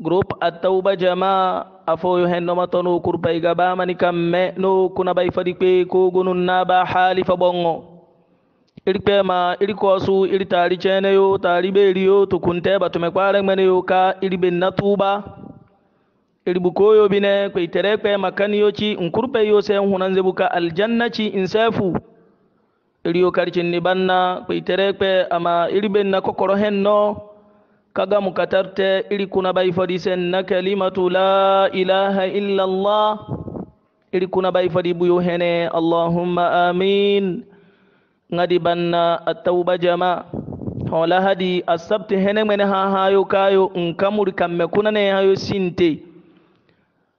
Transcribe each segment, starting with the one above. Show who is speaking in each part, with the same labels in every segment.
Speaker 1: groupe atauba jama afo yo hen nomato no kurbay gaba mani kamme no kuna bay fadi pe ko gunun na ba hali fa bongo iri pe ma iri kosu iri tari chene yo tari beri yo tukunte me kware mene yo ka iri bin na tuba iri bukoyo bine kwe tere kwe makani yo ci nkurpe yo se hunan zebuka aljanna ci insefu iri yo karcin ni banna kwe tere kwe ama iri bin na kokoro hen no kagamu katarte iri kuna bai fadi sen na kalimatu la ilaha illa allah iri kuna bai fadi buyo hene allahumma amin ngadi banna attauba jama hola hadi asabti hene mene ha hayo kayo nkamuri kamme kuna ne hayo sinte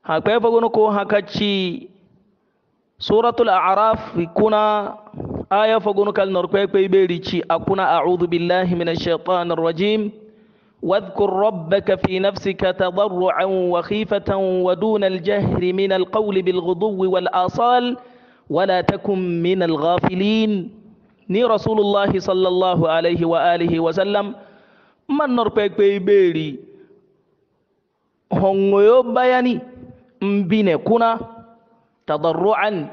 Speaker 1: hakwe fagono ko hakachi suratul a'raf kuna aya fagono kal norkwe kwe berici akuna a'udhu billahi minash shaitanir rajim واذكر ربك في نفسك تضرعا وخيفة ودون الجهر من القول بالغضو والآصال ولا تكن من الغافلين ني رسول الله صلى الله عليه وآله وسلم من نور بيك بي بيري هون بياني مبين كنا تضرعا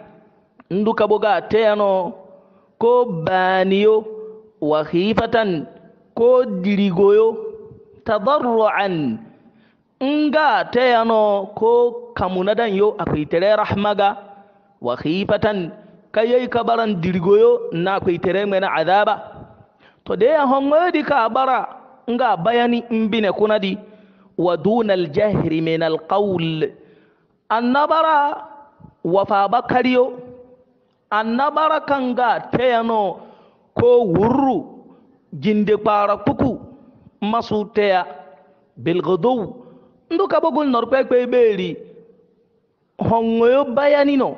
Speaker 1: ندك بغا تيانو كو وخيفة كو ديريغويو tadarruan nga teyano ko kamunadan yo akuitere rahmaga wa khifatan kayai kabaran dirgoyo na akuitere mena adaba to de ya hongodi ka bara nga bayani imbine kunadi wa dunal aljahri min alqawl annabara wafa bakariyo annabara kanga teyano ko wurru jinde kpara kuku masuteya belgodow nduka bogul norkpekpe ɓeeri hongoyo bayanino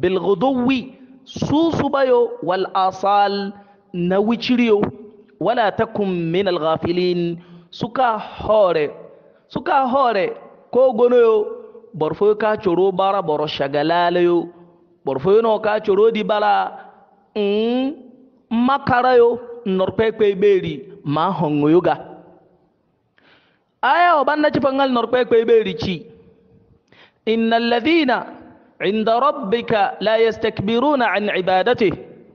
Speaker 1: belgodowi susubayo wal asal na wiciriyo wala takum min alghafilin suka hore suka hore ko gonoyo borfoyo ka coro bara boro shagalalayo borfoyo no ka coro di bala n mm, makarayo norkpekpe ɓeeri ma hongoyo ga aya o bannati pongal norkoekoye ɓeeriti inna alladina inda rabbika la yastakbiruna an ibadati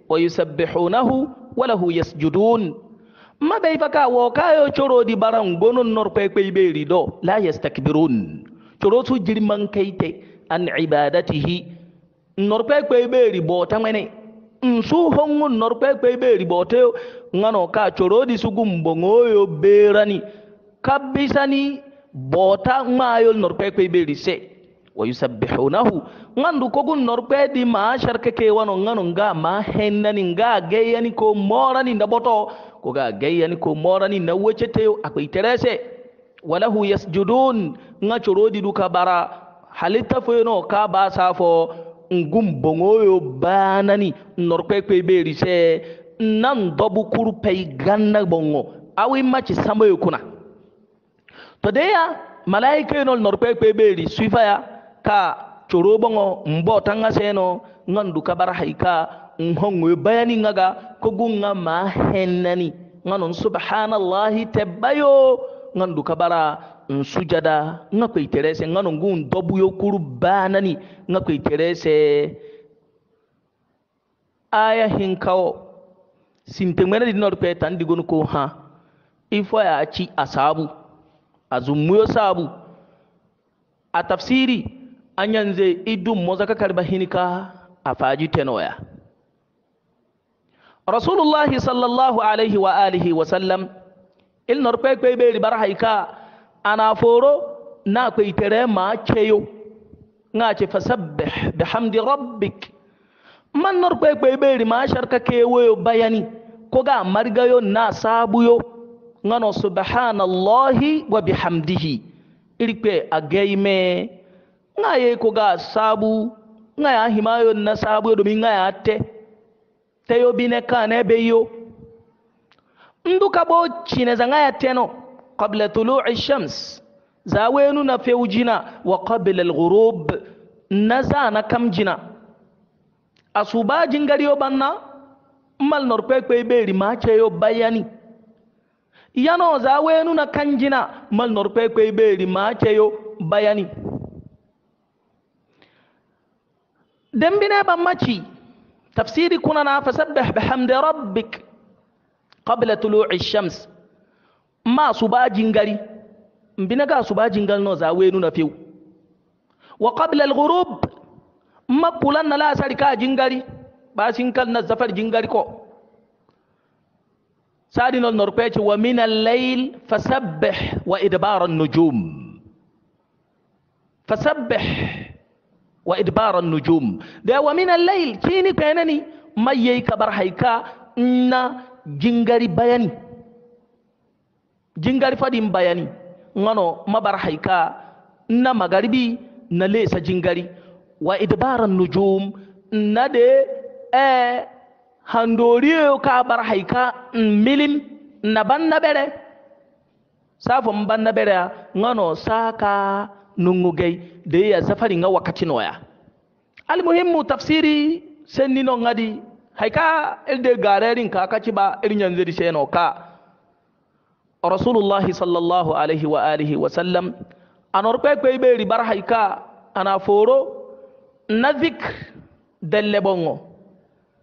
Speaker 1: wa yusabbihunahu walahu yasjudun maɓey fa ka wo kayo coroodi baran gonon norkoekoye ɓeeri ɗo la yastakbirun coro su jirmankeyte an ibadatihi norkoekoye ɓeeri boota mene nsu hongon norkoekoye ɓeeri booteyo gano ka coroodi sugum bongoyo ɓeerani kabisani bota mayol norkwe be rise wayusabbihunahu ngandu kogun norpe di ma sharke ke wano ngano nga ma ni nga ni ko morani ni boto ko ga ni ko ni na wecete akwai iterese walahu yasjudun nga du kabara halitta foyno ka ba fo ngum bongoyo banani norpe kwe beri se nan dobu kurpei ganna bongo awi machi samoyo kuna to deya malaika enol norkpekpe ɓeeri suifaya ka coroɓoŋo mbo tanga seno ŋandu kabar haika nhongoyo bayani ŋaga kogu ŋa ma hennani ŋanon subhanallahi tebbayo ŋandu kabara nsujada ŋa kpeiterese ŋanon gun dobuyo kuru banani ŋa kpeiterese aya hinkawo sinteŋmene dinor kpe tan digonu ko ha ifoya ci asabu A azummuyo sabu a tafsiri an yanze i dummo zaka kariba hinika a faaji tenoya rasulullahi sallallahu alaihi wa alihi wa sallam il nor kwe kwe ɓeeri bara hay ka ana foro na kwe tere ma ceyo ŋace fasabbih Hamdi rabbik man nar kwe bai ɓeeri ma sharka kewoyo bayani Ko koga margayo na saabuyo ngano subhanallahi wa bihamdihi irpe agayme ngaye ko ga sabu ya himayo na sabu domin ngaya te teyo bine kane beyo nduka bo chine za ngaya teno qabla tulu'i shams za wenu na feujina wa qabla al-ghurub na za na kamjina asuba yo banna mal norpe kwe beri ma yo bayani yano za wenu na kanjina mal norpe kwe beri ma cheyo bayani dembine machi tafsiri kuna na fasabbih bihamdi rabbik qabla tulu'i shams ma suba jingari mbine ga suba jingal no za wenu na fiu wa qabla al ma kulan la sarika jingari basinkal na zafar jingari ko سادي سادن النوربيتش ومن الليل فسبح وإدبار النجوم فسبح وإدبار النجوم ده ومن الليل تيني كينني ما ييكا برحيكا إنا جنغري بياني جنغري فدين بياني ngano mabarhaika na magaribi na lesa jingari wa idbaran nujum na de eh handoriyo ka bar haika milim na ban na bere safin ban na bere ngano saka nungugai da ya safari nga wakati noya muhimmu tafsiri senni no ngadi haika ilde garerin ka kaci ba irin yanzu di seno ka rasulullahi sallallahu alaihi wa alihi wa sallam anor kwe kwe be bar haika ana foro na zikr dalle bongo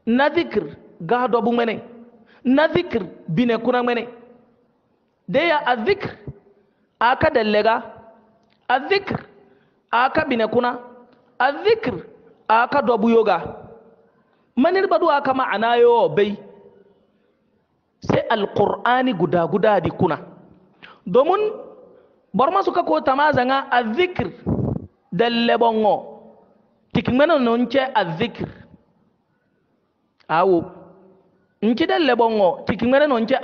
Speaker 1: na zikir ga bu mene na zikir bine kuna mene deya a dhikr aka dallega a dhikr aka bine kuna a zikir aka dobu yoga manir badu aka ma'ana yo bai sai alqur'ani guda guda di kuna domin bar masu ka ko tamazanga a dhikr dalle bongo tikmenon non ce a zikir. awo nci dalle bongo ciki ngere non ce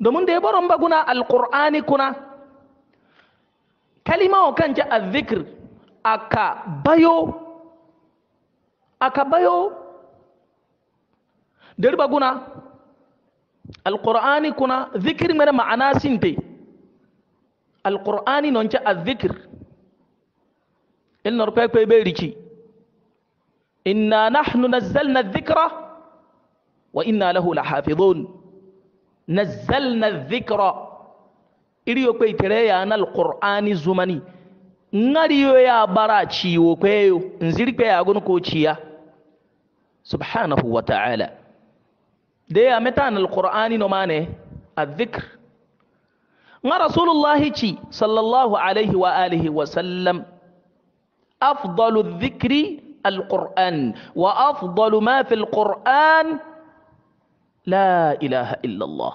Speaker 1: domin da ya baron baguna alqur'ani kuna kalima o kan ce azzikir aka bayoo, aka bayo der baguna alqur'ani kuna zikir ngere ma'ana sinte alqur'ani non ce azzikir il norpe kwe be riki إنا نحن نزلنا الذكر وإنا له لحافظون نزلنا الذكر إليو كوي تريا أنا القرآن الزمني ngariyo ya bara ciwo kweyo nzirkwe ya gun ko ciya subhanahu wa ta'ala da ya metan alqur'ani no mane adh-dhikr nga rasulullahi ci sallallahu alaihi wa alihi wa sallam afdalu adh-dhikri القرآن وأفضل ما في القرآن لا إله إلا الله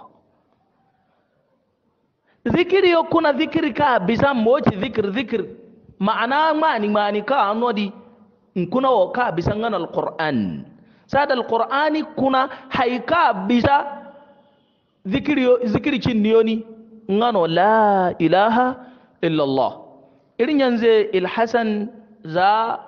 Speaker 1: ذكر يكون ذكر كا بزام موج ذكر ذكر معنى ماني ماني كا أنو دي نكون وكا بسان القرآن ساد القرآن كنا هيكا بزا ذكر ذكر نيوني نانو لا إله إلا الله إرنيانزي الحسن ذا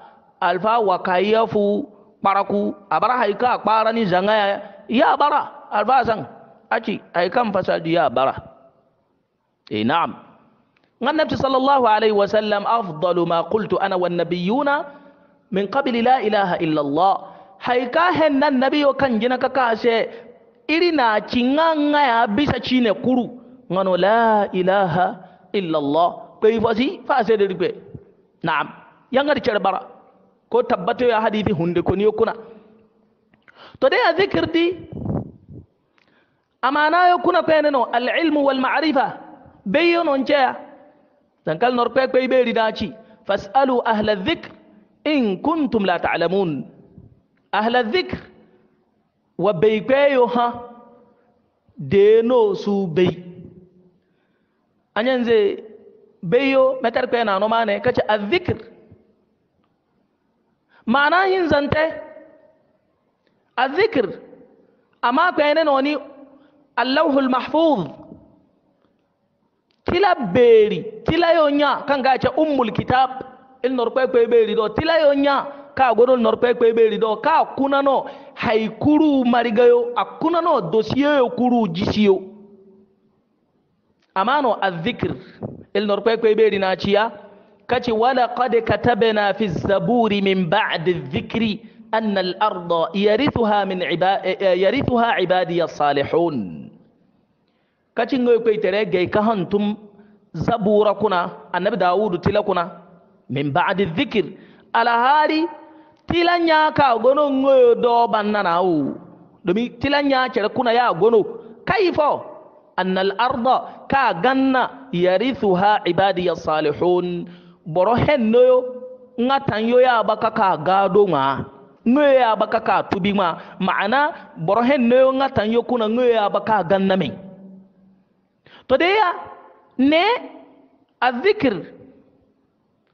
Speaker 1: alfa wakayafu paraku abara haika kpara ni zangaya ya bara alfa san aci haikan fasadi ya bara e eh, na'am النبي صلى الله عليه وسلم أفضل ما قلت أنا والنبيون من قبل لا إله إلا الله هيكا هن النبي وكان جنك كاسي إرنا تشينا يا بيسا تشينا كرو غنو لا إله إلا الله كيف أسي فأسي نعم ينغر برا ko tabbato ya hadithi hunde ko koni yokkuna to dai a zikirdi amana yokkuna pene no al ilmu alilmu walmarifa beyo non dan kal nor pekpey ɓeeri daci fasalu ahla dhikr in kuntum la talamun ahla dhikr wa bey kpeyo ha deno su bay bey añanze beyo metere no mane kaca adhicre ma'ana hinzante a amma kwenene woni allahul mahfuz tila beri tila yonya kan ga ce ummul kitab il nor beri do tila yonya ka godol nor beri do ka kunano haikuru marigayo a akunano dosiyo yo kuru jisiyo amano zikir il nor kwe kwe na ciya كاتي ولا قد كتبنا في الزبور من بعد الذكر أن الأرض يرثها من عبا يرثها عبادي الصالحون كاتي نقول كي ترى جي كهنتم زبوركنا النبي داود تلكنا من بعد الذكر على هاري تلا كا غونو نو دو بانناو دومي تلا نياكا كنا يا غونو كيفو ان الارض كا غنا يرثها عبادي الصالحون bɔrɔ hɛn no yo n tan yo ya ba ka gaado ŋmaa ya ka tubi ŋmaa ma'ana bɔrɔ hɛn no yo tan yo kuna n yo ya ba k'a ganna to de ya ne a zikir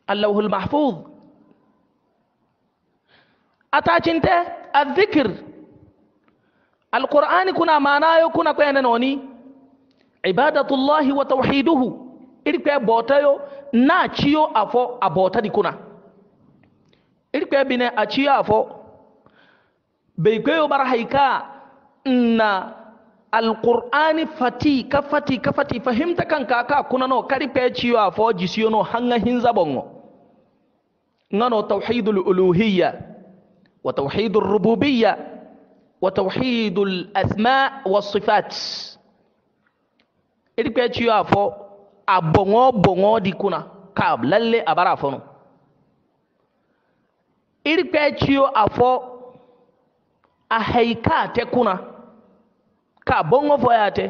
Speaker 1: allahul mahfuz a tacinte a zikir alqur'ani kuna maana yo kuna kwene noni ibadatullahi wa tawhiduhu iri kwe bota na ciyo afo abota di kuna irkwe bine a ciyo afo bai kwayo bar haika na alqur'ani fati ka fati ka fati fahimta kanka ka kuna no kari pe ciyo afo jisiyo no hanga hinza bongo ngano tauhidul uluhiyya wa tauhidur rububiyya wa asma sifat afo a bongo bongo di kuna ka lalle a bara fono irpe ciyo a fɔ a a tɛ kuna ka bongo fo a te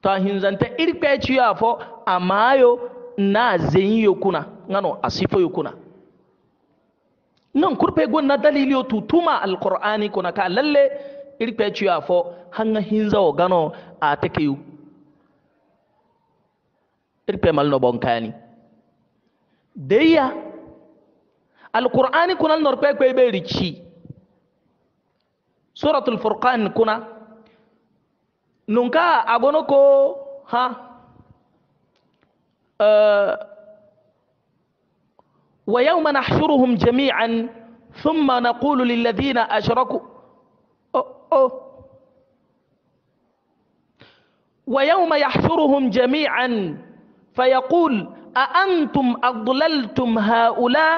Speaker 1: ta iri irpe ciyo a fɔ a mayo na zeyi yo kuna ngano a sifo yo kuna nan kurpe gonna dalili yo tutuma alqur'ani kuna ka lalle irpe ciyo a fɔ hanga hinza o gano a take yu irpe mal no bonkani deya alqur'ani kunal norpe kwe be richi suratul furqan kuna nunka agono ko ha uh, ويوم نحشرهم جميعا ثم نقول للذين أشركوا أو أو ويوم يحشرهم جميعا فيقول أأنتم أضللتم هؤلاء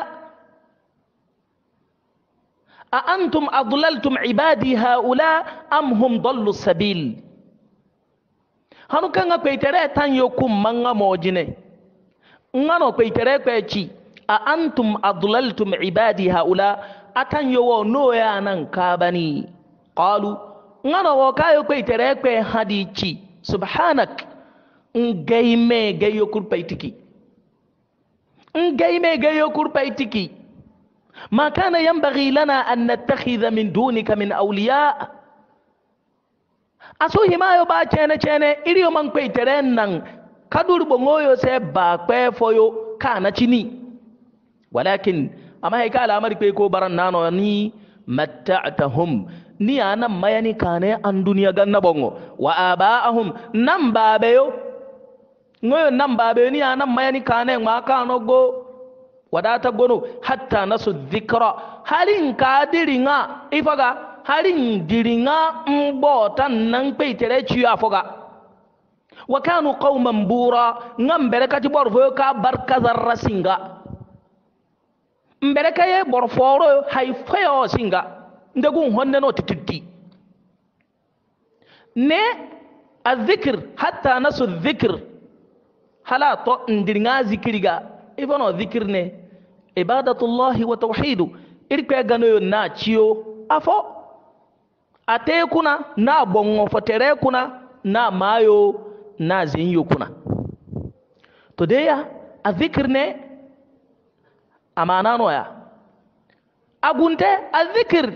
Speaker 1: أأنتم أضللتم عبادي هؤلاء أم هم ضلوا السبيل هنو كان قيترى تان يوكم من موجنة نانو قيترى قيتي أأنتم أضللتم عبادي هؤلاء أتان يو نويا نان قالوا نانو وكايو قيترى قي هديتي سبحانك ngai me gai yokur paitiki ngai me gai yokur paitiki ma kana yanbaghi lana an nattakhidha min dunika min awliya aso himayo ba chene chene iriyo man kwe teren nan kadur bongoyo se ba kwe foyo kana chini walakin amma hay ka alamar kwe ko baran nano ni matta'tahum ni anan mayani kane an duniya ganna boŋo wa aba'ahum nan babeyo ngoyo nan babe ni nan mayani kane ma kano go wadata gono hatta nasu dhikra halin diringa ifaga halin diringa mbota nan tere chi afoga wa kanu qauman bura ngam bereka ti borfo ka barka zarra singa mbereka ye ro hay feyo singa ndegun honne no tititi ne الذكر hatta nasu dhikr hala to ndirnga zikiriga ifono zikir ne ibadatullahi wa tawhidu irkwe ganoyo na ciyo afo ate kuna na bongo fotere kuna na mayo na zinyo kuna to deya a zikir ne amana noya agunte a zikir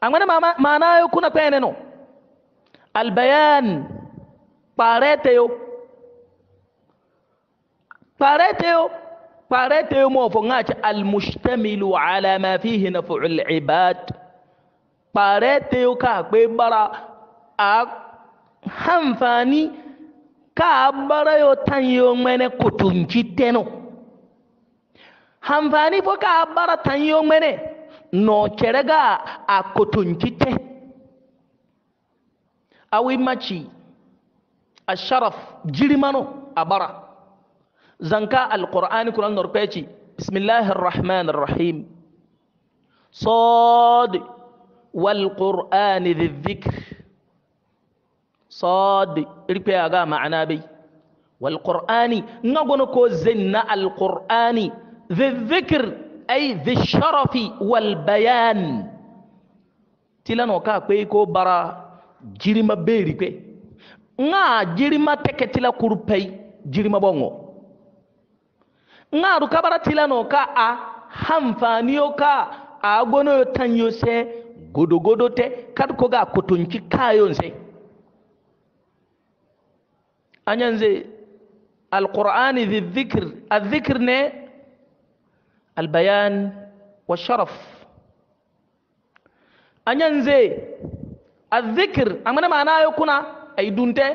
Speaker 1: angwene manayo kuna kwene no albayan pareteyo farete farete mo fo ngati al mustamilu ala ma fihi naf'ul ibad farete ka pe bara a hanfani ka bara yo tan yo mene kutunci teno hanfani fo ka bara tan yo mene no cerega a kutunci te awi maci الشرف a bara. القرآن كنا نرقيتي بسم الله الرحمن الرحيم صاد والقرآن ذي الذكر صاد ريبي أغا معنا بي والقرآن نغنكو زنا القرآن ذي الذكر أي ذي الشرف والبيان تلانو كا كويكو برا جيرما بيري كوي نا جيرما تكتلا كوربي جيرما بونغو ŋaaru kabara tilano ka a hanfaniyo ka a gonoyo tanyo se godogodo te kad koga kotonci kayon se añanze alqur'ani dhi dhikr adhikr ne albayan washaraf añanze adhikr amane manayo kuna ay dunte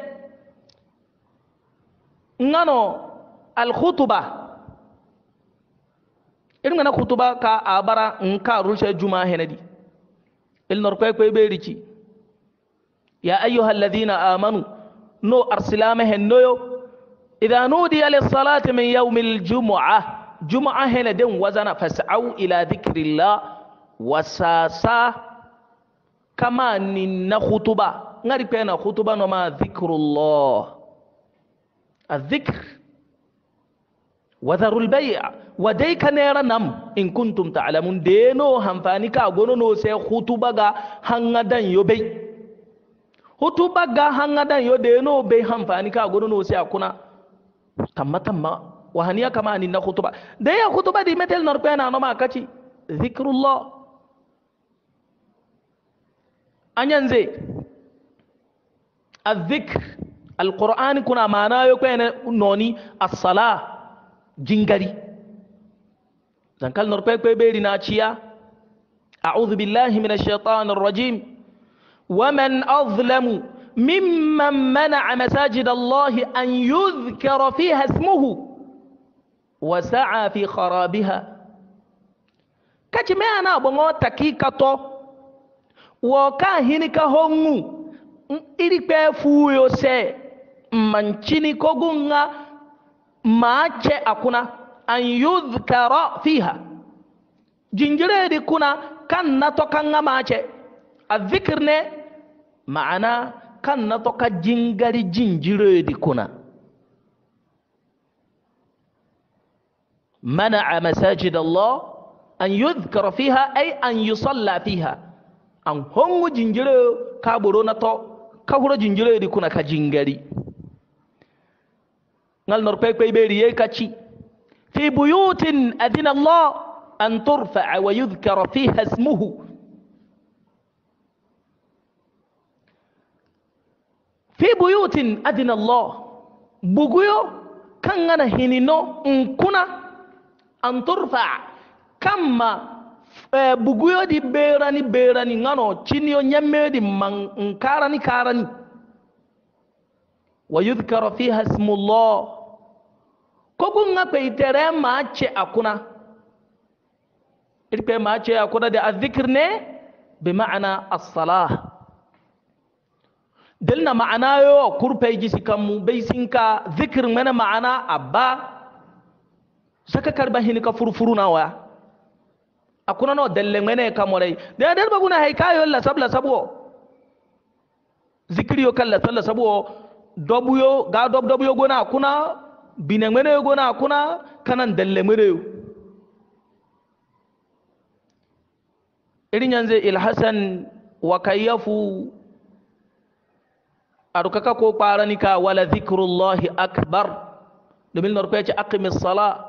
Speaker 1: Ngano alkhutuba irin na kutuba ka abara nka rushe juma henadi ilnor kwe kwe be ya ayyuhal ladina amanu no arsilame hennoyo idha nudiya lis-salati min yawmil jumu'ah jumu'a henadin wazana fas'au ila dhikrillah wasasa kama ni na khutuba ngari kwe na khutuba no ma dhikrullah الذكر wadharul bay'a wa dai ka nera nam in kuntum ta'lamun de no hanfani ka gono no sai hutuba ga hanga dan yo bai hutuba ga hanga dan yo de no bai hanfani ka gono no sai akuna tamma tamma wa haniya kama ni na hutuba Da ya hutuba di metel nor pe na no ma kaci zikrullah anyanze kuna القرآن yo معناه يكون نوني الصلاة jingari zankal nor pepe beri na ciya a'udhu billahi minash shaitanir rajim waman azlamu mimman mana'a masajidallahi an yudhkara fiha ismuhu wa sa'a fi kharabiha kaci me ana bongo takika to wo ka hini ka hongu iri pe fuyo se manchini kogunga maache akuna an yudhkara fiha jingiredi kuna kanna toka nga maache adhikr maana kanna toka jingari jingiredi kuna manaa masajid allah an yudhkara fiha ay an yusalla fiha an hongu jingire kaburo na to kahuro jingiredi kuna ka jingari ngal nor kpekpe ɓeeri ye kaci fi buyutin adina allah an turfa'a wa yudhkara fiha ismuhu fi buyutin adina allah buguyo kan ngana hinino nkuna an turfa'a kamma eh, buguyodi berani berani ngano ciniyo ñammedi ma nkarani karani wa yudhkara fiha ismu llah kokun nga kwe itere maache akuna irikwe maache akuna de azikir ne bi ma'ana as-salah na ma'ana yo kurpe gisi kanmu bai sinka zikir mene ma'ana abba saka karba hini ka furu na waya akuna no dalle mene ka morai da dar baguna hay la sabla sabo zikiri yo sabla salla dobu yo ga dob dobuyo gona akuna binemere gona kuna kanan dallemere irin yanzu ilhassan wakayyafu a rukaka ko kwaranika wala zikirullahi akbar domin narko ya ce akimis sala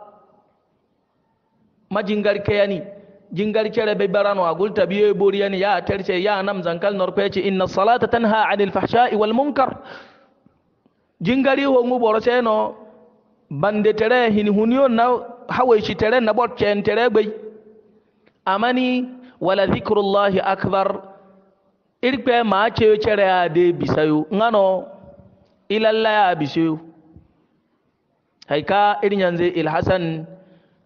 Speaker 1: majingar kayani jingar kere bai barano a gulta biyo boriya ne ya tarce ya nam zankal narko ya ce inna salata tanha anil fahsha'i wal munkar jingari ho ngu boro seno bande tere hin hunyo na hawaishi tere na bot ken tere bai amani wala zikrullahi akbar irpe ma che chere ade de bisayo ngano ilalla ya bisayo haika irin yanzu ilhasan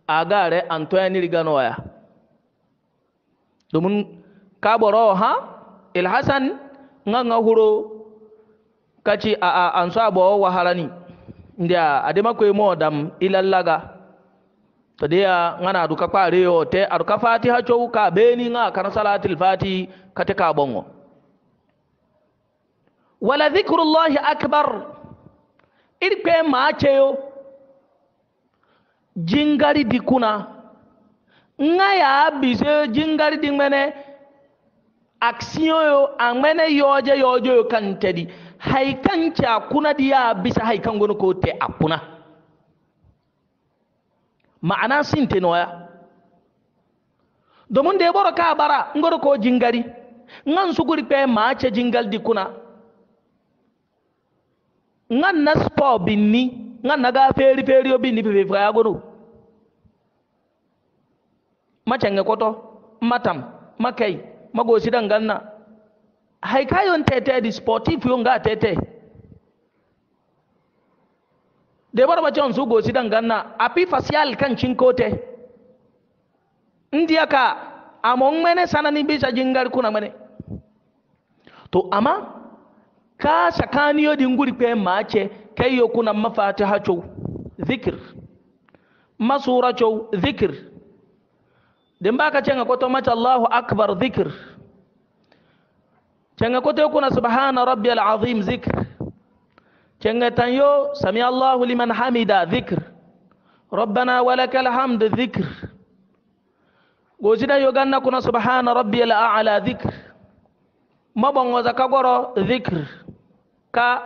Speaker 1: a gare antoine riganoya domin kaboro ha ilhasan nga nga huro kaci a a an abo waharani ndia adema ko mo dam ilallaga to dia ngana du ka pare yo te ar ka fatiha chow ka beni nga kana salatil fati kate ka bongo wala zikrullahi akbar iri pe ma cheyo jingari dikuna nga ya bise jingari dingmene action yo amene yoje yoje yo kantedi hay kanke akuna diya bisa hay kangono ko te akuna ma'ana sinte noya domin da ya bara ka bara ngoro ko jingari ngan suguri pe ma ce jingal di kuna ngan na spo binni ngan naga feri feri o binni pe fe ya gono ma cenge koto matam makai magosi dan ganna hay yon tete di sportif yon ga tete de bar bace su gosi dan ganna api facial kan cinkote ndiya ka amon mene sanani bisa jingar kuna mene to amma ka sakaniyo din guri pe mace kai yo kuna mafatiha chow zikir masura chow zikir din baka cenga ma mata allahu akbar zikir cenga kote na subhana rabbi al-azim zikr cenga tanyo sami allahu liman hamida zikr rabbana walaka alhamd zikr gosida yo kuna subhana rabbi alala zikr mabongoza ka goro zikr ka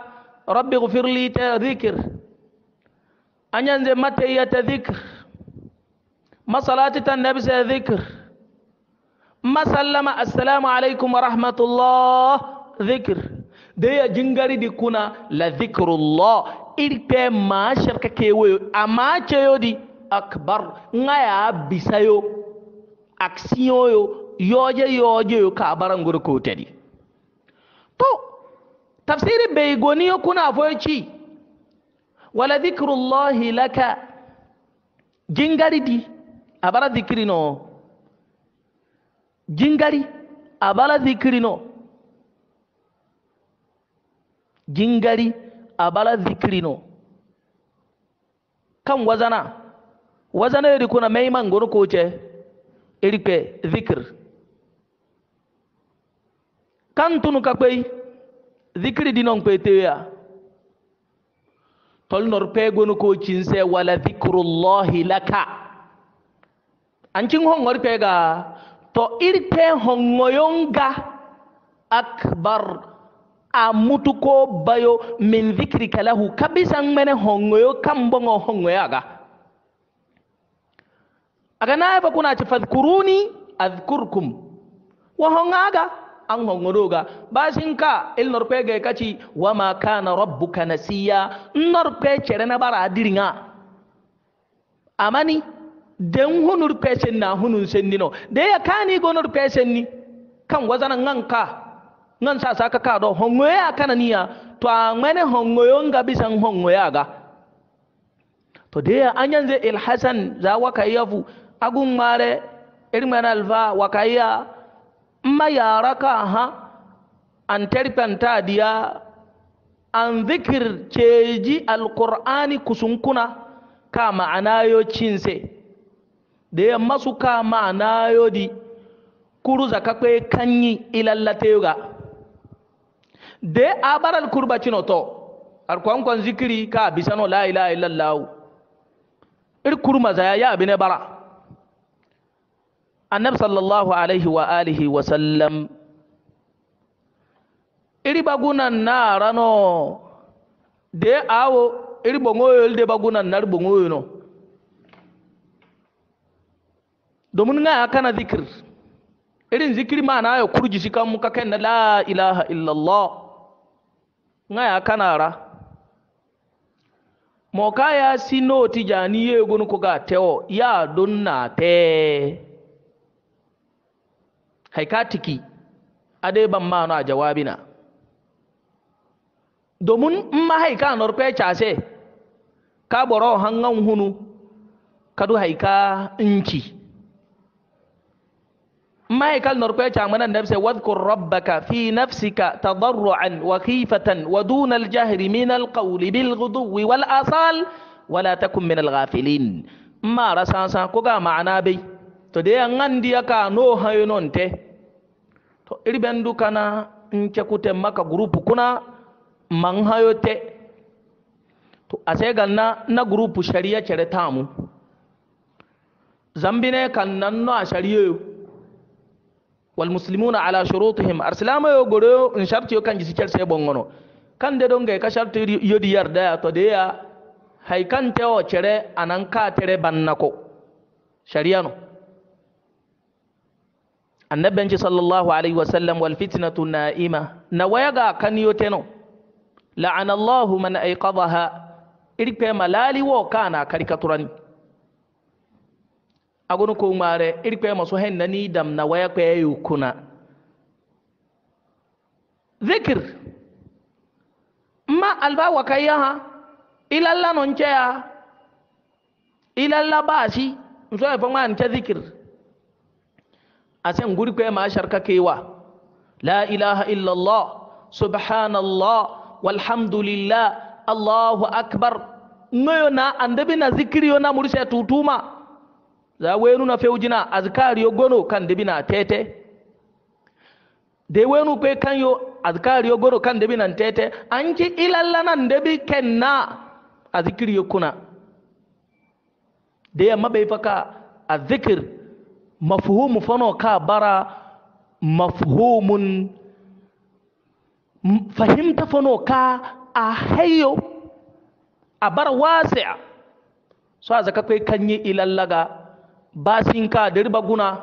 Speaker 1: rabbi gufirli te zikr anyanze ya mateyate zikr masalati tan nabise zikr masallama assalamu alaikum rahmatullah ya jingari di kuna la dhikrullah irpe maashar ka keweyo di akbar ya bisayo aksiyoyo yoje yoojeyo ka ko tedi to tafsiri yo kuna foyo ci wala dhikrullahi laka di abara dhikri no jingari a bala zikirino jingari a bala zikirino kan wazana wazana yadda kuna maiman gori koce irpe zikir kan tunu ka kwai zikiri dinon kwai teya tolnor gonu ko sai wala zikirullahi laka an cin hon warfe ga to irte hongoyonga akbar a mutu ko bayo min zikrika kalahu kabisa mene hongoyo kambongo hongoyo aga aga naye ba kuna ci fadhkuruni adhkurkum wa hongaga, an an hongodoga basin ka il norpe ga kaci wa ma kana rabbuka nasiya norpe cere na bara adiringa amani den hunur pesen na hunun senni no de ya kani gonur pesen ni kan wazana ka ngan sa sa ka ka do hongo ya kana niya to a mene hongo yo nga bisan hongo ya ga to de ya ze il hasan za waka yafu agun mare irman alfa ya ma raka ha an terpanta diya an zikir ceji alqur'ani kusunkuna ka ma'ana yo cinse masu kama suka maanayodi kuruza kakwai kanyi ilallateyoga de abaral kurbacino to arkuan kon zikiri ka bisano la ilaha illallahu ir kurmazaya yabine bara annabi sallallahu alaihi wa alihi wa sallam iri bagunan Da ya awo iri bongoyo de bagunan na bongoyo no domin nga kana zikir irin zikir ma na ya kurji shi kan muka kai na la ilaha illallah nga ya kana ra mo ka ya si no ti jani ye gun ko ga teo ya don na te hay ka tiki ade ban ma na jawabina domin in ma hay ka nor kwe chase ka boro hangan hunu kadu hay ka inki ما يكال نركوية عمنا النفس واذكر ربك في نفسك تضرعا وخيفة ودون الجهر من القول بالغدو والآصال ولا تكن من الغافلين ما رسانسا كوغا معنا بي تو دي أنغان دي اكا نو هاينون تي تو إربان دوكنا كوتي مكا غروب كنا من هايو تي تو أسيغان نا gan na na grupu shari'a cere tamu zambine kan walmuslimuna ala shurutihim arsilama yo goro in sharti yo kanji sikel se bongono kan de don ga ka sharti yo di yarda ya to ya hay kan te o chere ka tere bannako sharia no annabin sallallahu alaihi wasallam wal fitnatu na'ima na waya ga kan yo teno malali agunu ko mare iri kpɛ maso hen ni dam na waya kpɛ yu kuna zikir ma alba wakaya ha ilalla non ce ya ilalla baasi nso ye fama an zikir asen guri ma sharka kewa la ilaha illallah subhanallah walhamdulillah allahu akbar ŋoyo na andabi na zikiri yo na murse tutuma za wenu na fewjina yo gono kan dibina tete de wenu kwe kanyo yo gono kan dibina tete anki ilalla nan debi kenna yo kuna de amma bai faka azikir mafhumu fano ka bara mafhumun fahimta fano ka a hayo a bar wasi'a so a zaka kai kanyi ilallaga basinka deriba guna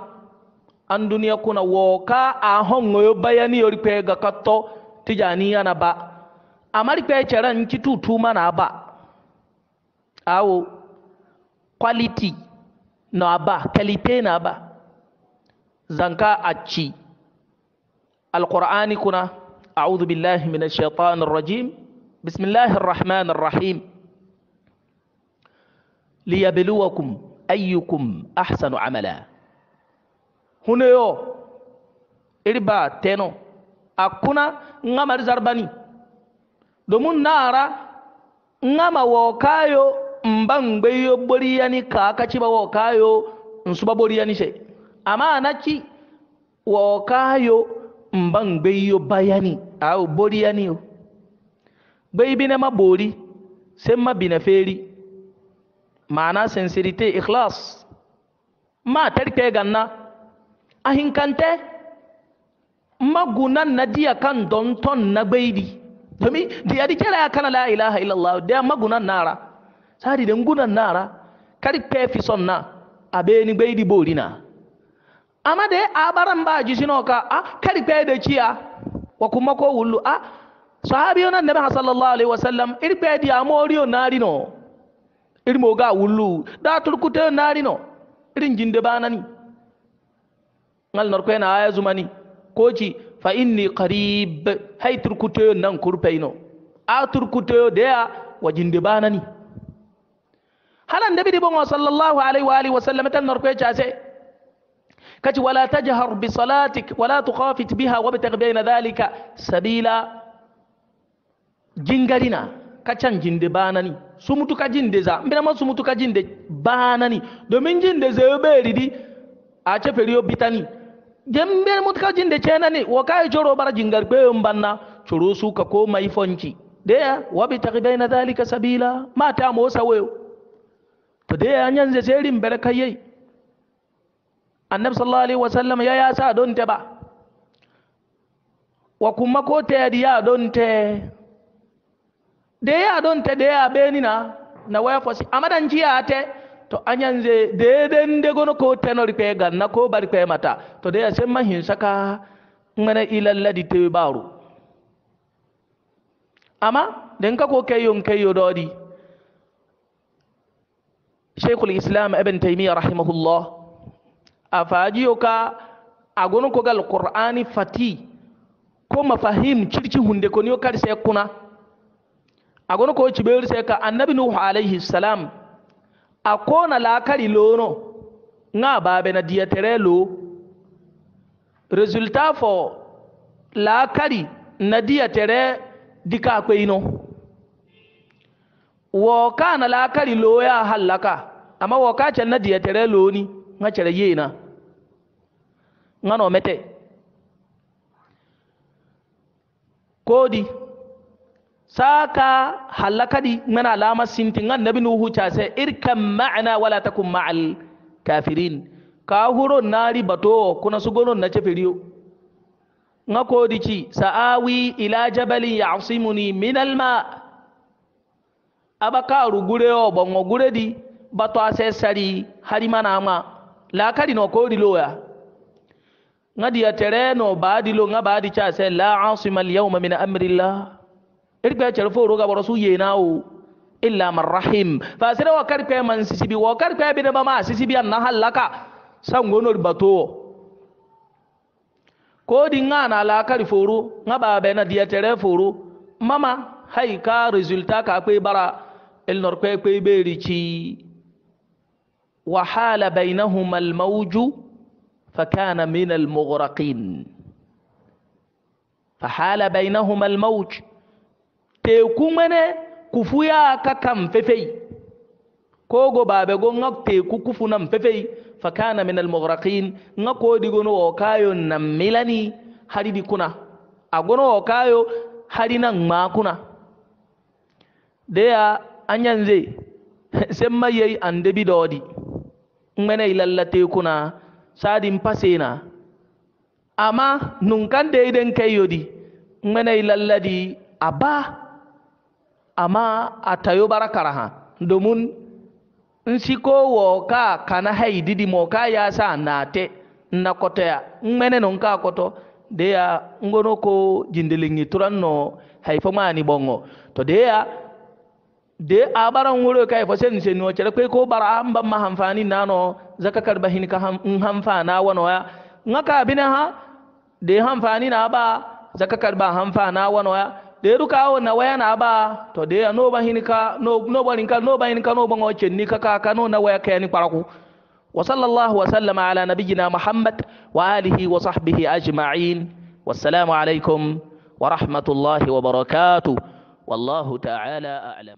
Speaker 1: an duniya kuna wo ka a hongoyo bayani yori pe ga katto tijaniya na ba amari pe chara nki tutuma na ba awo quality na ba kalite na ba zanka acci alqur'ani kuna a'udhu billahi minash shaitanir rajim bismillahir rahmanir rahim liyabluwakum ayyukum ahsanu amala huneyo iriba teno akuna ngamar zarbani domin nara ngama wokayo mbangbe yo boriyani ka kaci ba wokayo nsu ba boriyani she amma anaci wokayo mbangbe yo bayani au boriyani yo gbe ibine ma bori sai ma bina feri maana sincerity ikhlas ma tarke ganna ahinkante maguna nadiya kan ton na gbaidi domin da yadi kira ya kana la ilaha illallah da magunan nara sari da gunan nara karfe fi son na abe ni gbaidi borina amma da a baran ba ji sino ka a karfe da ciya wa kuma ko wullu a sahabiyo nan nabi sallallahu alaihi wasallam irbe moriyo amoriyo no iri moga wullu da turkute nari no irin jinde banani ngal nor kwena aya zumani koji fa inni qarib hay turkute nan kurpeino a turkute de ya wajinde banani halan nabi di bongo sallallahu alaihi wa alihi wa sallam tan nor kwecha se kachi wala tajhar bi salatik wala tukhafit biha wabtagh bayna dhalika sabila jingarina kacan jinde banani sumutuka jinde za mbinama sumutuka jinde banani domin jinde zeyo beridi ace feriyo bitani jembe mutuka jinde cenani wokaye coro bara jingar gbeyon banna coro ka ko mai e fonci deya wabi taki na dhalika sabila mata mosa weyo to deya yanze serin bere kayyai annabi sallallahu alaihi wasallam ya yasa don te ba wa kuma ko ta ya don te da ya don ta da ya beni na na waya fosi amadan jiya ta to anyanze de den de gono ko tenori ga ganna ko bari pe mata to da ya sai ma hin saka mana ilalla di te baro amma den ka ko kayo kayo dodi shaykhul islam ibn taymiyyah rahimahullah afajiyo ka gono ko gal qur'ani fati ko mafahim circi hunde ko ni o kar sai kuna agon ko ciberu sai ka annabi nuhu alaihi salam a kona lakari lono nga babe na diyatere lo resultat fo lakari na diyatere dika kweino wo kana lakari lo ya hallaka amma wo ka na diyatere lo ni nga cere na, nga no mete kodi saka halakadi mana lama sinti ngan nabi nuhu ta sai irkan ma'ana wala takum ma'al kafirin ka huro nari bato kuna su gonon na cefiriyo nga kodici sa'awi ila jabalin ya'simuni min alma abaka rugure o bongo gure di bato ase sari harima na ama lakari no kodi loya nga diya tere no baadi lo nga baadi cha sai la asima al yawma min amrillah irbe chere fo roga boro su ye nawo illa man rahim fa sere wa karpe man sisibi wa karpe bi ne bama sisibi an na halaka sango no bato ko di nga na la kari foro nga ba be na dia tere foro mama hai ka resulta ka pe bara el nor pe pe be richi wa hala bainahuma al mawju fakana min al mughraqin فحال بينهما الموج teku mene kufuya ka kan fefei kogo babe go nga teku kufunan fefei fakana min al mughraqin ngako gono wo kayo na milani hari di kuna agono gono kayo hari nan ma kuna deya anyanze semma yei bi dodi ngmene ilalla teku na sadin pasena amma nunkan da idan kai yodi ngmene ilalla di aba amma a tayo bara karaha domin in siko wo ka kana haididi mo ka ya sa na te na koto ya in mene nun ka koto da ya ngono ko jindilin yi turan no haifo ma ni bongo to da ya de a bara wuro kai fa sen sen no cere ko bara an ban ma hanfani na no zaka karba hin ka han hanfana wono ya ngaka bina ha de hanfani na ba zaka karba hanfana wono ya deru ka awo na waya na ba to de ya noba hinika no noba hinka noba hinka noba ngo chenni ka ka no na waya kayani paraku wa sallallahu wa sallama ala nabiyyina muhammad wa alihi wa sahbihi ajma'in wassalamu alaikum wa rahmatullahi wa barakatuh wallahu ta'ala a'lam